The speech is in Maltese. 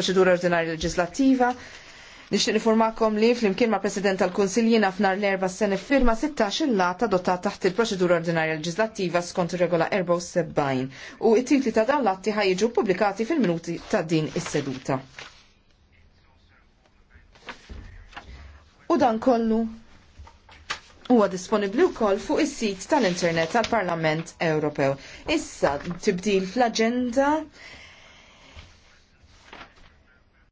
proċedura ordinarja leġislattiva. Nixtieq nifurmakom li flimkien ma' President tal-Kunsilj jiena f'nar l-erba' sen firma 16 il-lat adottat taħt il-proċedura ordinarja leġislattiva skont ir-regola 74 u it-titli ta' dan l-atti ħajġu pubblikati fil-minuti ta' din is-seduta. U dan kollu huwa disponibbli wkoll fuq is-sit tal-Internet tal-Parlament Ewropew. Issa tibdil fl-aġenda